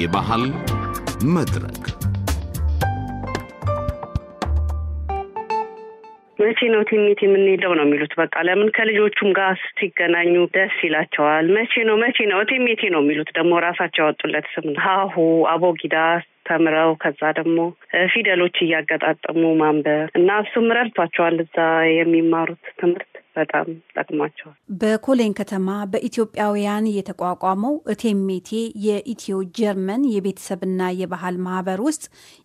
የባህል መድረክ መቼ ነው ትኝት የምንሄደው ነው የሚሉት። በቃ ለምን ከልጆቹም ጋር ሲገናኙ ደስ ይላቸዋል። መቼ ነው መቼ ነው እቴሜቴ ነው የሚሉት። ደግሞ ራሳቸው ያወጡለት ስም ሀሁ አቦጊዳ ተምረው ከዛ ደግሞ ፊደሎች እያገጣጠሙ ማንበብ እና እሱም ረድቷቸዋል እዛ የሚማሩት ትምህርት በጣም ጠቅሟቸዋል። በኮሌን ከተማ በኢትዮጵያውያን የተቋቋመው እቴሜቴ የኢትዮ ጀርመን የቤተሰብና የባህል ማህበር ውስጥ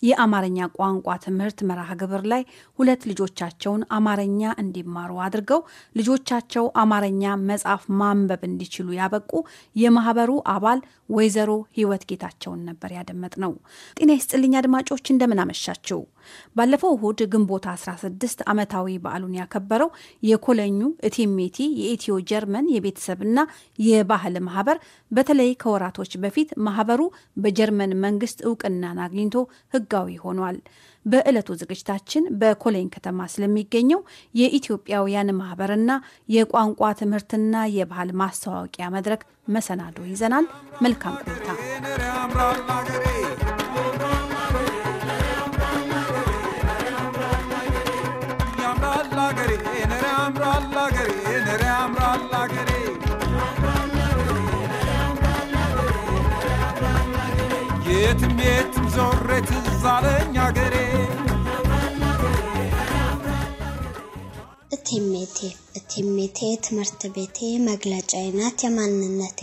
የአማርኛ ቋንቋ ትምህርት መርሃ ግብር ላይ ሁለት ልጆቻቸውን አማርኛ እንዲማሩ አድርገው ልጆቻቸው አማርኛ መጻፍ ማንበብ እንዲችሉ ያበቁ የማህበሩ አባል ወይዘሮ ህይወት ጌታቸውን ነበር ያደመጥ ነው። ጤና ይስጥልኝ አድማጮች እንደምን አመሻችው። ባለፈው እሁድ ግንቦት 16 ዓመታዊ በዓሉን ያከበረው የኮለኙ እቴሜቴ የኢትዮ ጀርመን የቤተሰብና የባህል ማህበር በተለይ ከወራቶች በፊት ማህበሩ በጀርመን መንግስት እውቅናን አግኝቶ ህጋዊ ሆኗል። በዕለቱ ዝግጅታችን በኮለኝ ከተማ ስለሚገኘው የኢትዮጵያውያን ማህበርና የቋንቋ ትምህርትና የባህል ማስተዋወቂያ መድረክ መሰናዶ ይዘናል። መልካም ቆይታ። የትም የትም ዞሬ ትዝ አገሬ እቴሜቴ እቴሜቴ ትምህርት ቤቴ መግለጫዬ ናት የማንነቴ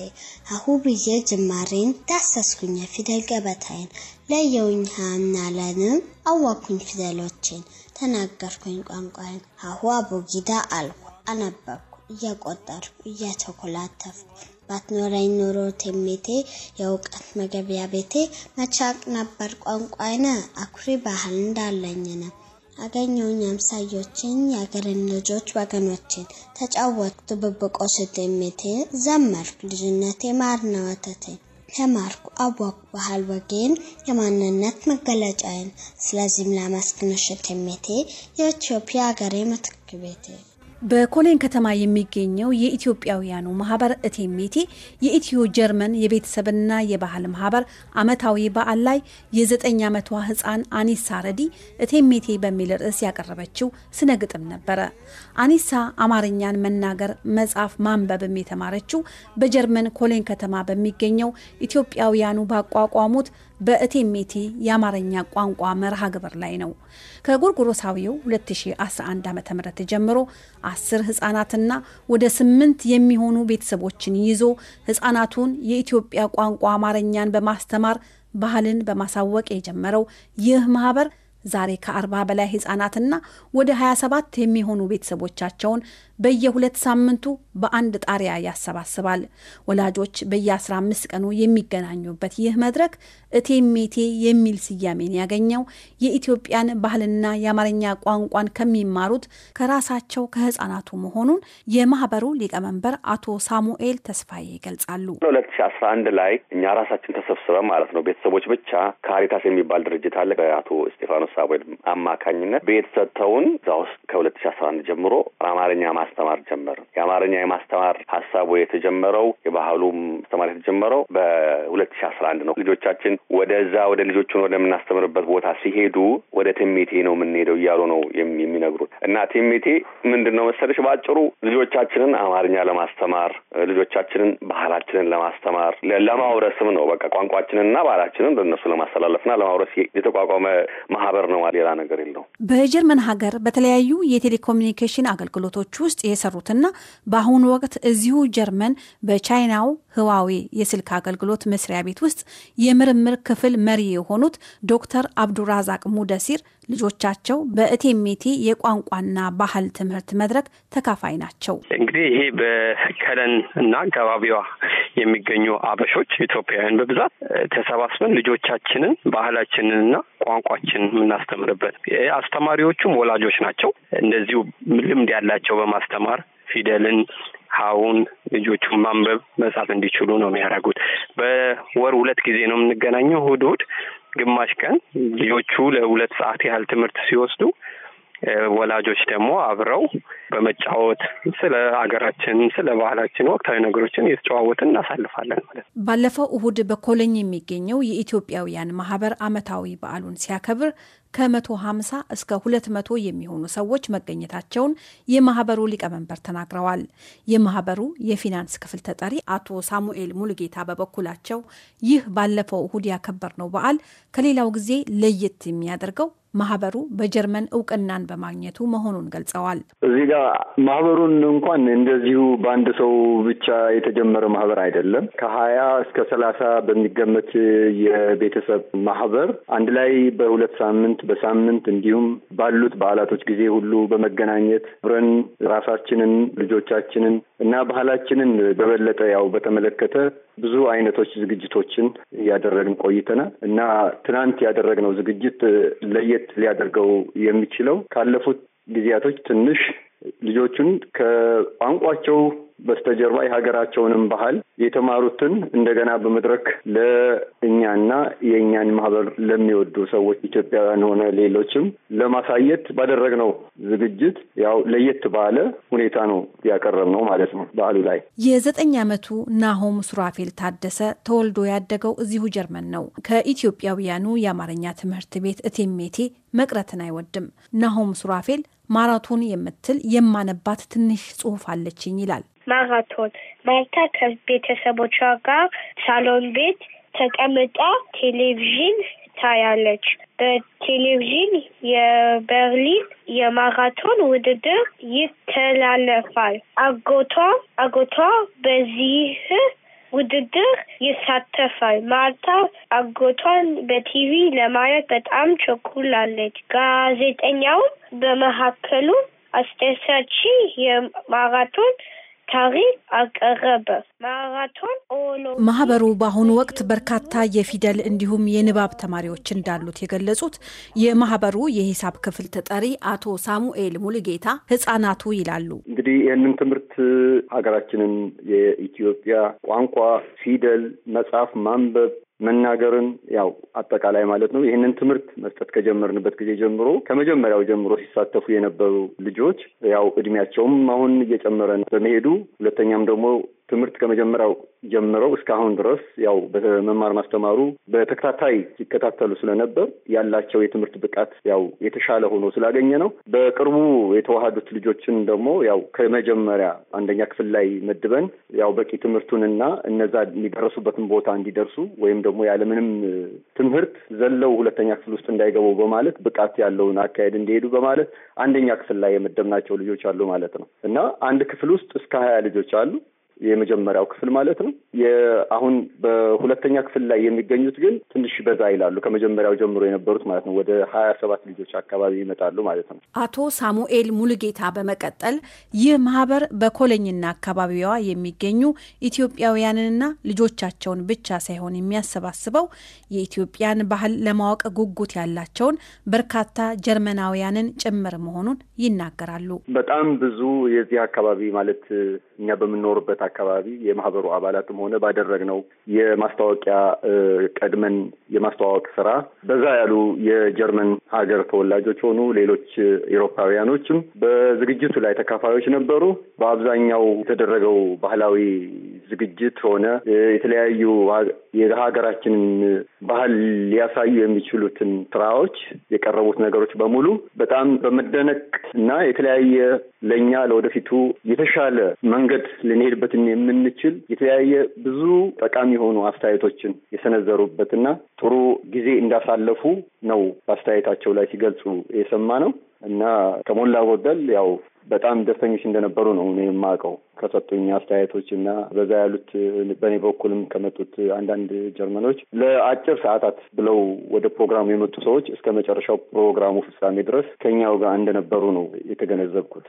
አሁ ብዬ ጅማሬን ዳሰስኩኝ የፊደል ገበታዬን ለየውኝ ሀምናለንም አዋኩኝ ፊደሎችን ተናገርኩኝ ቋንቋዬን አሁ አቦጊዳ አልኩ አነበብኩ እየቆጠርኩ እየተኮላተፍኩ ባትኖረኝ ኑሮ ቴሜቴ የእውቀት መገቢያ ቤቴ መቻቅ ነበር ቋንቋይነ አኩሪ ባህል እንዳለኝ እንዳለኝነ አገኘውኝ አምሳዮችን የአገርን ልጆች ወገኖችን ተጫወቱ ድብብቆሽ ስቴሜቴ ዘመርኩ ልጅነቴ ማር ነወተቴ ተማርኩ አወቅኩ ባህል ወጌን የማንነት መገለጫዬን። ስለዚህም ላመስግንሽ ቴሜቴ የኢትዮጵያ አገሬ ምትክ ቤቴ። በኮሌን ከተማ የሚገኘው የኢትዮጵያውያኑ ማህበር እቴሜቴ የኢትዮ ጀርመን የቤተሰብና የባህል ማህበር ዓመታዊ በዓል ላይ የዘጠኝ ዓመቷ ህፃን አኒሳ ረዲ እቴሜቴ በሚል ርዕስ ያቀረበችው ስነ ግጥም ነበረ። አኒሳ አማርኛን መናገር፣ መጻፍ፣ ማንበብም የተማረችው በጀርመን ኮሌን ከተማ በሚገኘው ኢትዮጵያውያኑ ባቋቋሙት በእቴሜቴ የአማርኛ ቋንቋ መርሃ ግብር ላይ ነው። ከጎርጎሮሳዊው 2011 ዓ ም ጀምሮ አስር ህጻናትና ወደ ስምንት የሚሆኑ ቤተሰቦችን ይዞ ህጻናቱን የኢትዮጵያ ቋንቋ አማርኛን በማስተማር ባህልን በማሳወቅ የጀመረው ይህ ማህበር ዛሬ ከአርባ በላይ ህጻናትና ወደ 27 የሚሆኑ ቤተሰቦቻቸውን በየሁለት ሳምንቱ በአንድ ጣሪያ ያሰባስባል። ወላጆች በየ15 ቀኑ የሚገናኙበት ይህ መድረክ እቴሜቴ የሚል ስያሜን ያገኘው የኢትዮጵያን ባህልና የአማርኛ ቋንቋን ከሚማሩት ከራሳቸው ከህጻናቱ መሆኑን የማህበሩ ሊቀመንበር አቶ ሳሙኤል ተስፋዬ ይገልጻሉ። ሁለት ሺ አስራ አንድ ላይ እኛ ራሳችን ተሰብስበ ማለት ነው ቤተሰቦች ብቻ ካሪታስ የሚባል ድርጅት አለ በአቶ እስጢፋኖስ ሳሙኤል አማካኝነት ቤት ሰጥተውን እዛ ውስጥ ከሁለት ሺ አስራ አንድ ጀምሮ አማርኛ ማስተማር ጀመር። የአማርኛ የማስተማር ሀሳቡ የተጀመረው የባህሉም ማስተማር የተጀመረው በሁለት ሺ አስራ አንድ ነው። ልጆቻችን ወደዛ ወደ ልጆቹን ወደምናስተምርበት ቦታ ሲሄዱ ወደ ትሜቴ ነው የምንሄደው እያሉ ነው የሚነግሩት እና ትሜቴ ምንድን ነው መሰለሽ በአጭሩ ልጆቻችንን አማርኛ ለማስተማር ልጆቻችንን ባህላችንን ለማስተማር ለማውረስም ነው በቃ ቋንቋችንንና ባህላችንን ለእነሱ ለማስተላለፍና ለማውረስ የተቋቋመ ማህበር ማህበር ነው፣ ሌላ ነገር የለው። በጀርመን ሀገር በተለያዩ የቴሌኮሚኒኬሽን አገልግሎቶች ውስጥ የሰሩትና በአሁኑ ወቅት እዚሁ ጀርመን በቻይናው ህዋዌ የስልክ አገልግሎት መስሪያ ቤት ውስጥ የምርምር ክፍል መሪ የሆኑት ዶክተር አብዱራዛቅ ሙደሲር ልጆቻቸው በእቴሜቴ የቋንቋና ባህል ትምህርት መድረክ ተካፋይ ናቸው። እንግዲህ ይሄ በከለን እና አካባቢዋ የሚገኙ አበሾች ኢትዮጵያውያን በብዛት ተሰባስበን ልጆቻችንን ባህላችንንና ቋንቋችን የምናስተምርበት አስተማሪዎቹም ወላጆች ናቸው። እንደዚሁ ልምድ ያላቸው በማስተማር ፊደልን ሀውን ልጆቹን ማንበብ መጻፍ እንዲችሉ ነው የሚያደርጉት። በወር ሁለት ጊዜ ነው የምንገናኘው ሁድ ሁድ። ግማሽ ቀን ልጆቹ ለሁለት ሰዓት ያህል ትምህርት ሲወስዱ ወላጆች ደግሞ አብረው በመጫወት ስለ ሀገራችን፣ ስለ ባህላችን ወቅታዊ ነገሮችን እየተጨዋወትን እናሳልፋለን ማለት ነው። ባለፈው እሁድ በኮሎኝ የሚገኘው የኢትዮጵያውያን ማህበር አመታዊ በዓሉን ሲያከብር ከመቶ ሀምሳ እስከ ሁለት መቶ የሚሆኑ ሰዎች መገኘታቸውን የማህበሩ ሊቀመንበር ተናግረዋል። የማህበሩ የፊናንስ ክፍል ተጠሪ አቶ ሳሙኤል ሙልጌታ በበኩላቸው ይህ ባለፈው እሁድ ያከበርነው በዓል ከሌላው ጊዜ ለየት የሚያደርገው ማህበሩ በጀርመን እውቅናን በማግኘቱ መሆኑን ገልጸዋል። እዚህ ጋር ማህበሩን እንኳን እንደዚሁ በአንድ ሰው ብቻ የተጀመረ ማህበር አይደለም። ከሀያ እስከ ሰላሳ በሚገመት የቤተሰብ ማህበር አንድ ላይ በሁለት ሳምንት በሳምንት እንዲሁም ባሉት በዓላቶች ጊዜ ሁሉ በመገናኘት አብረን ራሳችንን፣ ልጆቻችንን እና ባህላችንን በበለጠ ያው በተመለከተ ብዙ አይነቶች ዝግጅቶችን እያደረግን ቆይተናል እና ትናንት ያደረግነው ዝግጅት ለየት ለየት ሊያደርገው የሚችለው ካለፉት ጊዜያቶች ትንሽ ልጆቹን ከቋንቋቸው በስተጀርባ የሀገራቸውንም ባህል የተማሩትን እንደገና በመድረክ ለእኛና የእኛን ማህበር ለሚወዱ ሰዎች ኢትዮጵያውያን ሆነ ሌሎችም ለማሳየት ባደረግነው ዝግጅት ያው ለየት ባለ ሁኔታ ነው ነው ማለት ነው። በዓሉ ላይ የዘጠኝ ዓመቱ ናሆም ሱራፌል ታደሰ ተወልዶ ያደገው እዚሁ ጀርመን ነው። ከኢትዮጵያውያኑ የአማርኛ ትምህርት ቤት እቴሜቴ መቅረትን አይወድም። ናሆም ሱራፌል ማራቶን የምትል የማነባት ትንሽ ጽሑፍ አለችኝ ይላል። ማራቶን ማርታ ከቤተሰቦቿ ጋር ሳሎን ቤት ተቀምጣ ቴሌቪዥን ታያለች። በቴሌቪዥን የበርሊን የማራቶን ውድድር ይተላለፋል። አጎቷ አጎቷ በዚህ ውድድር ይሳተፋል። ማርታ አጎቷን በቲቪ ለማየት በጣም ቸኩላለች። ጋዜጠኛውም በመካከሉ አስደሳች የማራቶን ታሪ አቀረበ። ማራቶን ማህበሩ በአሁኑ ወቅት በርካታ የፊደል እንዲሁም የንባብ ተማሪዎች እንዳሉት የገለጹት የማህበሩ የሂሳብ ክፍል ተጠሪ አቶ ሳሙኤል ሙልጌታ ህጻናቱ ይላሉ። እንግዲህ ይህንን ትምህርት ሀገራችንን የኢትዮጵያ ቋንቋ፣ ፊደል፣ መጽሐፍ ማንበብ መናገርን ያው አጠቃላይ ማለት ነው። ይህንን ትምህርት መስጠት ከጀመርንበት ጊዜ ጀምሮ ከመጀመሪያው ጀምሮ ሲሳተፉ የነበሩ ልጆች ያው እድሜያቸውም አሁን እየጨመረን በመሄዱ ሁለተኛም ደግሞ ትምህርት ከመጀመሪያው ጀምሮ እስካሁን ድረስ ያው በመማር ማስተማሩ በተከታታይ ሲከታተሉ ስለነበር ያላቸው የትምህርት ብቃት ያው የተሻለ ሆኖ ስላገኘ ነው። በቅርቡ የተዋሃዱት ልጆችን ደግሞ ያው ከመጀመሪያ አንደኛ ክፍል ላይ መድበን ያው በቂ ትምህርቱንና እነዛ የሚደረሱበትን ቦታ እንዲደርሱ ወይም ደግሞ ያለምንም ትምህርት ዘለው ሁለተኛ ክፍል ውስጥ እንዳይገቡ በማለት ብቃት ያለውን አካሄድ እንዲሄዱ በማለት አንደኛ ክፍል ላይ የመደብናቸው ልጆች አሉ ማለት ነው እና አንድ ክፍል ውስጥ እስከ ሀያ ልጆች አሉ። የመጀመሪያው ክፍል ማለት ነው። አሁን በሁለተኛ ክፍል ላይ የሚገኙት ግን ትንሽ በዛ ይላሉ፣ ከመጀመሪያው ጀምሮ የነበሩት ማለት ነው። ወደ ሀያ ሰባት ልጆች አካባቢ ይመጣሉ ማለት ነው። አቶ ሳሙኤል ሙሉጌታ በመቀጠል ይህ ማህበር በኮለኝና አካባቢዋ የሚገኙ ኢትዮጵያውያንንና ልጆቻቸውን ብቻ ሳይሆን የሚያሰባስበው የኢትዮጵያን ባህል ለማወቅ ጉጉት ያላቸውን በርካታ ጀርመናውያንን ጭምር መሆኑን ይናገራሉ። በጣም ብዙ የዚህ አካባቢ ማለት እኛ በምንኖርበት አካባቢ የማህበሩ አባላትም ሆነ ባደረግነው የማስታወቂያ ቀድመን የማስተዋወቅ ስራ በዛ ያሉ የጀርመን ሀገር ተወላጆች ሆኑ ሌሎች ኤሮፓውያኖችም በዝግጅቱ ላይ ተካፋዮች ነበሩ። በአብዛኛው የተደረገው ባህላዊ ዝግጅት ሆነ የተለያዩ የሀገራችንን ባህል ሊያሳዩ የሚችሉትን ስራዎች የቀረቡት ነገሮች በሙሉ በጣም በመደነቅ እና የተለያየ ለእኛ ለወደፊቱ የተሻለ መንገድ ልንሄድበትን የምንችል የተለያየ ብዙ ጠቃሚ የሆኑ አስተያየቶችን የሰነዘሩበትና ጥሩ ጊዜ እንዳሳለፉ ነው በአስተያየታቸው ላይ ሲገልጹ የሰማ ነው እና ከሞላ ጎደል ያው በጣም ደስተኞች እንደነበሩ ነው እኔ የማውቀው ከሰጡኝ አስተያየቶች እና በዛ ያሉት በእኔ በኩልም ከመጡት አንዳንድ ጀርመኖች ለአጭር ሰዓታት ብለው ወደ ፕሮግራሙ የመጡ ሰዎች እስከ መጨረሻው ፕሮግራሙ ፍጻሜ ድረስ ከኛው ጋር እንደነበሩ ነው የተገነዘብኩት።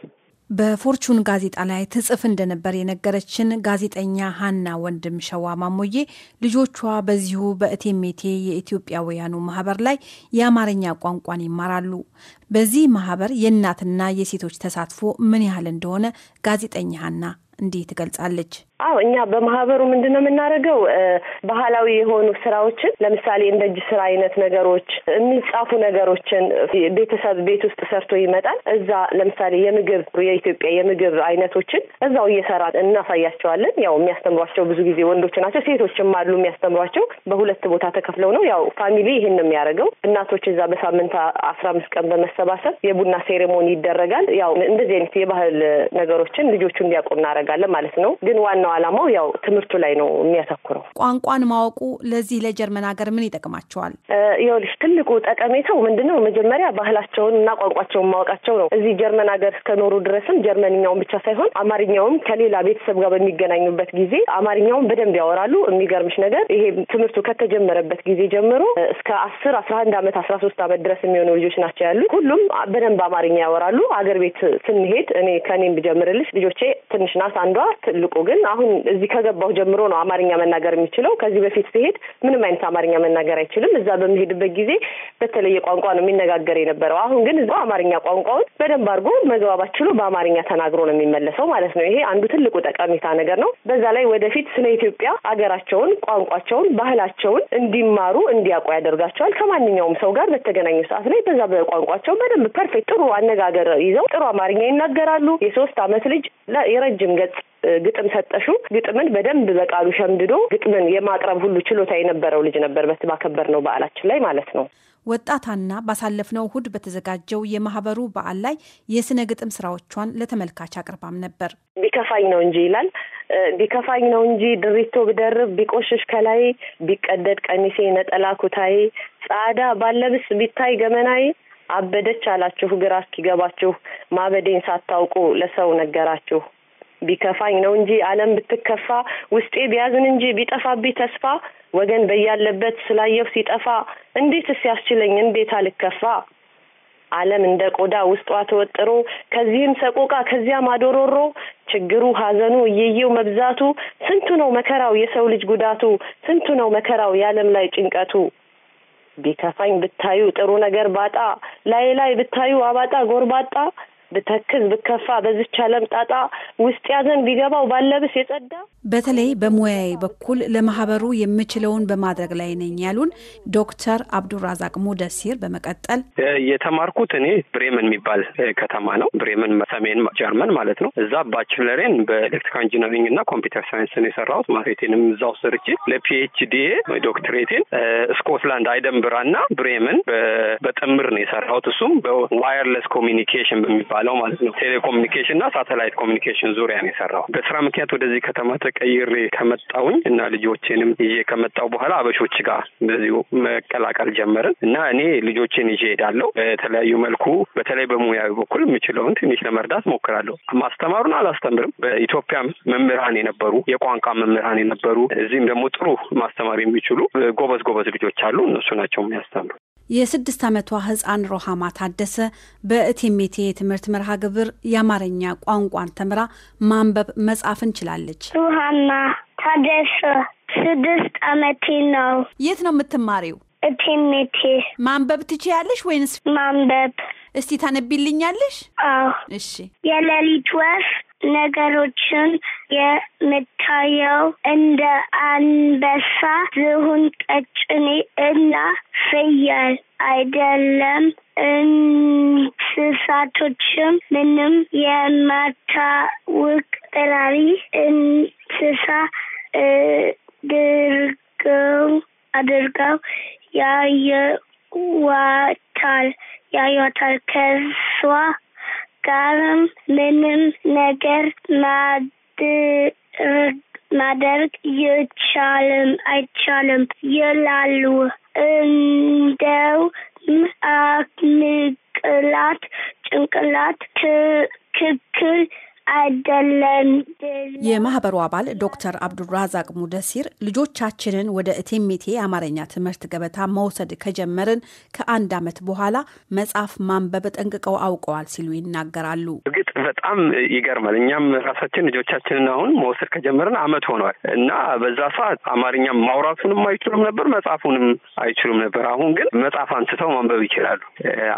በፎርቹን ጋዜጣ ላይ ትጽፍ እንደነበር የነገረችን ጋዜጠኛ ሀና ወንድም ሸዋ ማሞዬ ልጆቿ በዚሁ በእቴሜቴ የኢትዮጵያውያኑ ማህበር ላይ የአማርኛ ቋንቋን ይማራሉ። በዚህ ማህበር የእናትና የሴቶች ተሳትፎ ምን ያህል እንደሆነ ጋዜጠኛ ሀና እንዲህ ትገልጻለች። አዎ እኛ በማህበሩ ምንድን ነው የምናደርገው? ባህላዊ የሆኑ ስራዎችን ለምሳሌ እንደ እጅ ስራ አይነት ነገሮች፣ የሚጻፉ ነገሮችን ቤተሰብ ቤት ውስጥ ሰርቶ ይመጣል። እዛ ለምሳሌ የምግብ የኢትዮጵያ የምግብ አይነቶችን እዛው እየሰራ እናሳያቸዋለን። ያው የሚያስተምሯቸው ብዙ ጊዜ ወንዶች ናቸው፣ ሴቶችም አሉ የሚያስተምሯቸው። በሁለት ቦታ ተከፍለው ነው ያው ፋሚሊ ይህን ነው የሚያደርገው። እናቶች እዛ በሳምንት አስራ አምስት ቀን በመሰባሰብ የቡና ሴሬሞኒ ይደረጋል። ያው እንደዚህ አይነት የባህል ነገሮችን ልጆቹ እንዲያውቁ እናደርጋለን ማለት ነው። ግን ዋና ዋናው ዓላማው ያው ትምህርቱ ላይ ነው የሚያተኩረው። ቋንቋን ማወቁ ለዚህ ለጀርመን ሀገር ምን ይጠቅማቸዋል? ይኸውልሽ ትልቁ ጠቀሜታው ምንድነው? መጀመሪያ ባህላቸውን እና ቋንቋቸውን ማወቃቸው ነው። እዚህ ጀርመን ሀገር እስከኖሩ ድረስም ጀርመንኛውን ብቻ ሳይሆን አማርኛውም ከሌላ ቤተሰብ ጋር በሚገናኙበት ጊዜ አማርኛውን በደንብ ያወራሉ። የሚገርምሽ ነገር ይሄ ትምህርቱ ከተጀመረበት ጊዜ ጀምሮ እስከ አስር አስራ አንድ ዓመት አስራ ሶስት ዓመት ድረስ የሚሆኑ ልጆች ናቸው ያሉት። ሁሉም በደንብ አማርኛ ያወራሉ። አገር ቤት ስንሄድ እኔ ከኔም ብጀምርልሽ ልጆቼ ትንሽ ናት አንዷ፣ ትልቁ ግን አሁን እዚህ ከገባሁ ጀምሮ ነው አማርኛ መናገር የሚችለው። ከዚህ በፊት ሲሄድ ምንም አይነት አማርኛ መናገር አይችልም። እዛ በሚሄድበት ጊዜ በተለየ ቋንቋ ነው የሚነጋገር የነበረው። አሁን ግን እዛው አማርኛ ቋንቋውን በደንብ አድርጎ መግባባት ችሎ በአማርኛ ተናግሮ ነው የሚመለሰው ማለት ነው። ይሄ አንዱ ትልቁ ጠቀሜታ ነገር ነው። በዛ ላይ ወደፊት ስለ ኢትዮጵያ አገራቸውን፣ ቋንቋቸውን፣ ባህላቸውን እንዲማሩ እንዲያውቁ ያደርጋቸዋል። ከማንኛውም ሰው ጋር በተገናኙ ሰዓት ላይ በዛ በቋንቋቸው በደንብ ፐርፌክት ጥሩ አነጋገር ይዘው ጥሩ አማርኛ ይናገራሉ። የሶስት አመት ልጅ የረጅም ገጽ ግጥም ሰጠሹ ግጥምን በደንብ በቃሉ ሸምድዶ ግጥምን የማቅረብ ሁሉ ችሎታ የነበረው ልጅ ነበር። ባከበር ነው በዓላችን ላይ ማለት ነው። ወጣታና ባሳለፍነው እሁድ በተዘጋጀው የማህበሩ በዓል ላይ የስነ ግጥም ስራዎቿን ለተመልካች አቅርባም ነበር። ቢከፋኝ ነው እንጂ ይላል ቢከፋኝ ነው እንጂ ድሪቶ ብደርብ ቢቆሽሽ ከላይ ቢቀደድ ቀሚሴ ነጠላ ኩታዬ ጻዳ ባለብስ ቢታይ ገመናዬ አበደች አላችሁ ግራ እስኪገባችሁ ማበዴን ሳታውቁ ለሰው ነገራችሁ ቢከፋኝ ነው እንጂ ዓለም ብትከፋ ውስጤ ቢያዝን እንጂ ቢጠፋብኝ ተስፋ ወገን በያለበት ስላየው ሲጠፋ እንዴትስ ሲያስችለኝ እንዴት አልከፋ ዓለም እንደ ቆዳ ውስጧ ተወጥሮ ከዚህም ሰቆቃ ከዚያም አዶሮሮ ችግሩ ሀዘኑ እየየው መብዛቱ ስንቱ ነው መከራው የሰው ልጅ ጉዳቱ ስንቱ ነው መከራው የዓለም ላይ ጭንቀቱ ቢከፋኝ ብታዩ ጥሩ ነገር ባጣ ላይ ላይ ብታዩ አባጣ ጎርባጣ ብተክዝ ብከፋ በዝቻ ለምጣጣ ውስጥ ያዘን ቢገባው ባለብስ የጸዳ በተለይ በሙያዬ በኩል ለማህበሩ የምችለውን በማድረግ ላይ ነኝ ያሉን ዶክተር አብዱራዛቅ ሙደሲር በመቀጠል የተማርኩት እኔ ብሬመን የሚባል ከተማ ነው። ብሬመን ሰሜን ጀርመን ማለት ነው። እዛ ባችለሬን በኤሌክትሪካል ኢንጂነሪንግ እና ኮምፒውተር ሳይንስን ነው የሰራሁት። ማሬቴንም እዛው ስርቼ ለፒኤችዲ ዶክትሬቴን ስኮትላንድ አይደንብራ እና ብሬመን በጥምር ነው የሰራሁት። እሱም በዋየርለስ ኮሚኒኬሽን በሚባል የሚባለው ማለት ነው። ቴሌኮሙኒኬሽን እና ሳተላይት ኮሚኒኬሽን ዙሪያ ነው የሰራው። በስራ ምክንያት ወደዚህ ከተማ ተቀይሬ ከመጣውኝ እና ልጆቼንም ይዤ ከመጣው በኋላ አበሾች ጋር እንደዚሁ መቀላቀል ጀመርን እና እኔ ልጆቼን ይዤ እሄዳለሁ። በተለያዩ መልኩ በተለይ በሙያዊ በኩል የምችለውን ትንሽ ለመርዳት ሞክራለሁ። ማስተማሩን አላስተምርም። በኢትዮጵያ መምህራን የነበሩ የቋንቋ መምህራን የነበሩ እዚህም ደግሞ ጥሩ ማስተማር የሚችሉ ጎበዝ ጎበዝ ልጆች አሉ። እነሱ ናቸው የሚያስተምሩ። የስድስት ዓመቷ ህፃን ሮሃማ ታደሰ በእቴሜቴ የትምህርት መርሃ ግብር የአማርኛ ቋንቋን ተምራ ማንበብ መጻፍ እንችላለች። ሮሃማ ታደሰ ስድስት ዓመቴ ነው። የት ነው የምትማሪው? እቴሜቴ። ማንበብ ትችያለሽ ወይንስ? ማንበብ እስቲ ታነቢልኛለሽ? አዎ። እሺ። የሌሊት ወፍ ነገሮችን የምታየው እንደ አንበሳ፣ ዝሆን፣ ቀጭኔ እና ፍየል አይደለም። እንስሳቶችም ምንም የማታውቅ ጥራሪ እንስሳ ድርገው አድርገው ያየዋታል ያዩታል ከሷ ጋርም ምንም ነገር ማድረግ ይቻልም አይቻልም ይላሉ። እንደውም ጭንቅላት ጭንቅላት ትክክል አይደለም። የማህበሩ አባል ዶክተር አብዱራዛቅ ሙደሲር ልጆቻችንን ወደ እቴሜቴ የአማርኛ ትምህርት ገበታ መውሰድ ከጀመርን ከአንድ ዓመት በኋላ መጽሐፍ ማንበብ ጠንቅቀው አውቀዋል ሲሉ ይናገራሉ። እርግጥ በጣም ይገርማል። እኛም ራሳችን ልጆቻችንን አሁን መውሰድ ከጀመርን ዓመት ሆኗል እና በዛ ሰዓት አማርኛም ማውራቱንም አይችሉም ነበር፣ መጽሐፉንም አይችሉም ነበር። አሁን ግን መጽሐፍ አንስተው ማንበብ ይችላሉ።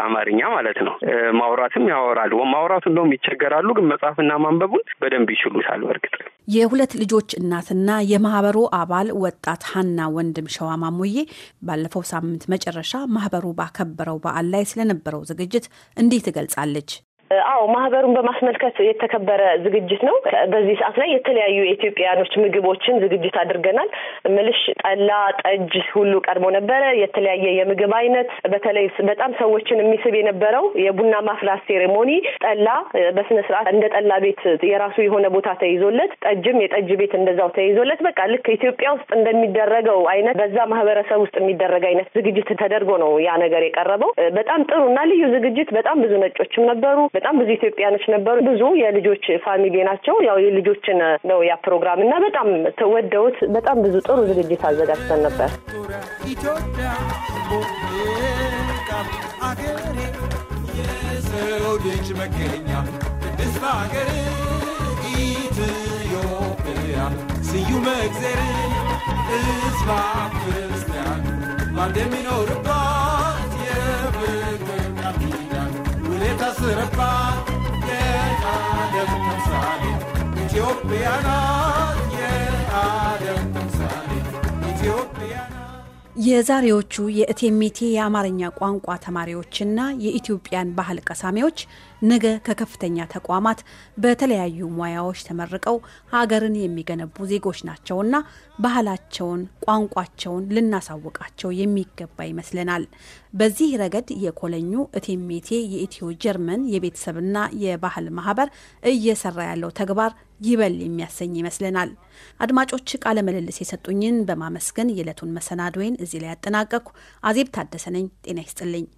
አማርኛ ማለት ነው። ማውራትም ያወራሉ። ማውራቱ እንደውም ይቸገራሉ፣ ግን መጽሐፍና ማንበቡን በደንብ ይችሉታል። በእርግጥ የሁለት ልጆች እናትና የማህበሩ አባል ወጣት ሀና ወንድም ሸዋ ማሞዬ ባለፈው ሳምንት መጨረሻ ማህበሩ ባከበረው በዓል ላይ ስለነበረው ዝግጅት እንዲህ ትገልጻለች። አዎ ማህበሩን በማስመልከት የተከበረ ዝግጅት ነው። በዚህ ሰዓት ላይ የተለያዩ የኢትዮጵያውያኖች ምግቦችን ዝግጅት አድርገናል። ምልሽ ጠላ፣ ጠጅ ሁሉ ቀርቦ ነበረ። የተለያየ የምግብ አይነት በተለይ በጣም ሰዎችን የሚስብ የነበረው የቡና ማፍላት ሴሬሞኒ ጠላ በስነ ስርዓት እንደ ጠላ ቤት የራሱ የሆነ ቦታ ተይዞለት፣ ጠጅም የጠጅ ቤት እንደዛው ተይዞለት በቃ ልክ ኢትዮጵያ ውስጥ እንደሚደረገው አይነት በዛ ማህበረሰብ ውስጥ የሚደረግ አይነት ዝግጅት ተደርጎ ነው ያ ነገር የቀረበው። በጣም ጥሩ እና ልዩ ዝግጅት በጣም ብዙ ነጮችም ነበሩ። በጣም ብዙ ኢትዮጵያኖች ነበሩ። ብዙ የልጆች ፋሚሊ ናቸው። ያው የልጆችን ነው ያ ፕሮግራም እና በጣም ተወደውት በጣም ብዙ ጥሩ ዝግጅት አዘጋጅተን ነበር። ስዩመ ማንደሚኖርባት የታሰረባት ኢትዮጵያ ናት። ኢትዮጵያ የዛሬዎቹ የእቴሜቴ የአማርኛ ቋንቋ ተማሪዎችና የኢትዮጵያን ባህል ቀሳሚዎች ነገ ከከፍተኛ ተቋማት በተለያዩ ሙያዎች ተመርቀው ሀገርን የሚገነቡ ዜጎች ናቸውና ባህላቸውን፣ ቋንቋቸውን ልናሳውቃቸው የሚገባ ይመስለናል። በዚህ ረገድ የኮለኙ እቴሜቴ የኢትዮ ጀርመን የቤተሰብና የባህል ማህበር እየሰራ ያለው ተግባር ይበል የሚያሰኝ ይመስለናል። አድማጮች ቃለ ምልልስ የሰጡኝን በማመስገን የዕለቱን መሰናዶዌን እዚህ ላይ ያጠናቀቅኩ። አዜብ ታደሰ ነኝ። ጤና ይስጥልኝ።